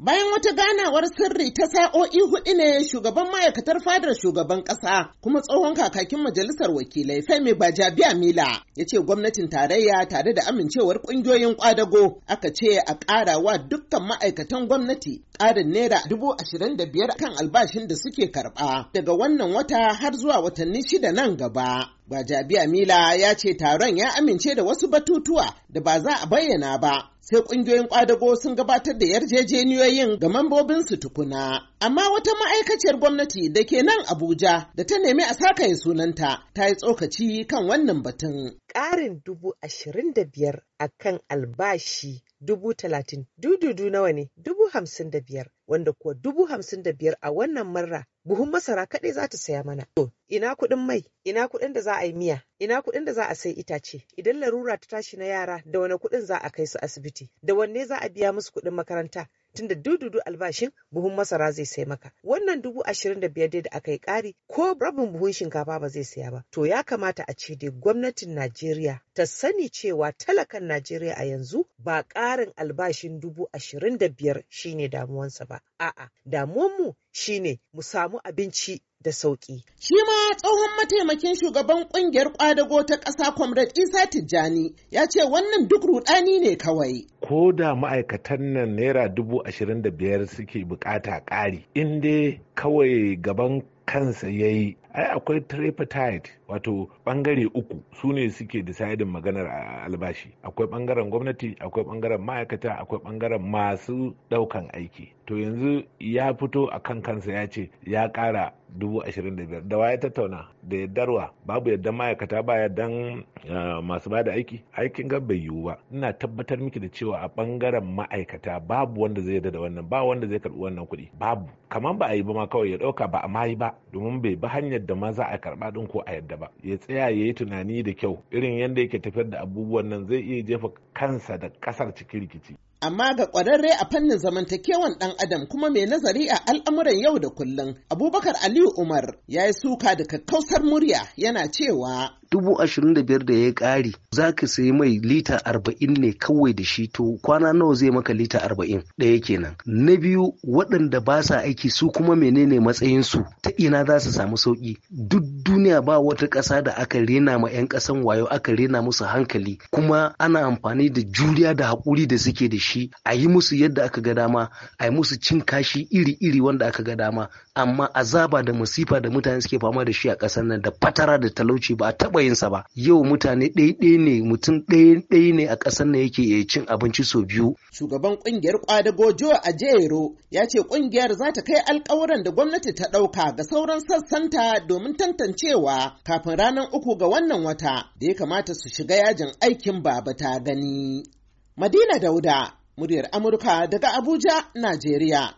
Bayan wata ganawar sirri ta sa'o'i hudu ne shugaban ma'aikatar fadar shugaban kasa kuma tsohon kakakin majalisar wakilai Femi Bajabiya Mila ya ce gwamnatin tarayya tare da amincewar kungiyoyin kwadago aka ce a ƙara wa dukkan ma'aikatan gwamnati tsarin naira dubu ashirin da biyar kan albashin da suke karɓa daga wannan wata har zuwa watanni shida nan gaba. Ba Jabi Amila ya ce taron ya amince da wasu batutuwa da ba za a bayyana ba, sai ƙungiyoyin ƙwadago sun gabatar da yarjejeniyoyin ga mambobinsu tukuna. Amma wata ma'aikaciyar gwamnati da ke nan Abuja da ta nemi a sakaye sunanta ta yi tsokaci kan wannan batun. ƙarin dubu ashirin da biyar a kan albashi dubu talatin dududu nawa ne dubu hamsin da biyar wanda kuwa dubu hamsin da biyar a wannan marra buhun masara kaɗai za ta saya mana. To, ina kuɗin mai, ina kuɗin da za a yi miya, ina kuɗin da za a sai itace, idan larura ta tashi na yara da wani kuɗin za a kai su asibiti, da wanne za a biya musu kuɗin makaranta, tunda dududu albashin buhun masara zai sai maka wannan dubu ashirin da biyar da aka yi ƙari ko rabin buhun shinkafa ba zai saya ba to ya kamata a ce dai gwamnatin najeriya ta sani cewa talakan najeriya a yanzu ba ƙarin albashin dubu ashirin da biyar shine damuwansa ba a'a damuwan mu shine mu samu abinci da sauƙi. Shi ma tsohon mataimakin shugaban ƙungiyar ƙwadago ta ƙasa Comrade Isa Tijjani ya ce wannan duk ruɗani ne kawai. Ko da ma'aikatan nan naira dubu ashirin da biyar suke bukata ƙari, in dai kawai gaban kansa ya yi ai akwai tripartite wato bangare uku su ne suke decidin maganar albashi akwai bangaren gwamnati akwai bangaren ma'aikata akwai bangaren masu daukan aiki to yanzu ya fito a kan kansa ya ce ya kara dubu ashirin da biyar da ya tattauna da yaddarwa babu yadda ma'aikata ba yaddan masu bada aiki aikin ga bai yiwu ba ina tabbatar miki da cewa a bangaren ma'aikata babu wanda zai yarda da wannan ba wanda zai karbi wannan kuɗi babu kamar ba a yi ba ma kawai ya ɗauka ba a ma ba domin bai bi hanyar da ma za a karba din ko a yadda ba ya tsaya ya yi tunani da kyau irin yadda yake tafiyar da abubuwan nan zai iya jefa kansa da kasar ciki rikici amma ga ƙwararre a fannin zamantakewan ɗan adam kuma mai nazari a al'amuran yau da kullum abubakar aliyu umar ya yi suka da kakkausar murya yana cewa dubu ashirin da biyar da ya ƙari za ka sayi mai lita arba'in ne kawai da shi to kwana nawa zai maka lita arba'in ɗaya kenan na biyu waɗanda ba sa aiki su kuma menene matsayinsu ta ina za su samu sauki? duk duniya ba wata ƙasa da aka rena ma 'yan ƙasan wayo aka rena musu hankali kuma ana amfani da juriya da haƙuri da suke da shi a yi musu yadda aka ga dama a yi musu cin kashi iri-iri wanda aka ga dama amma azaba da masifa da mutane suke fama da shi a ƙasar nan da fatara da talauci ba a taɓa yinsa ba yau mutane ɗaiɗai ne mutum ɗaya ɗaya ne a ƙasar nan yake iya cin abinci sau biyu. shugaban ƙungiyar kwadago a jero, ya ce ƙungiyar za ta kai alƙawuran da gwamnati ta ɗauka ga sauran sassanta domin tantance cewa kafin ranar uku ga wannan wata da ya kamata su shiga yajin aikin baba ta gani. Madina Dauda, muryar Amurka daga Abuja, Najeriya.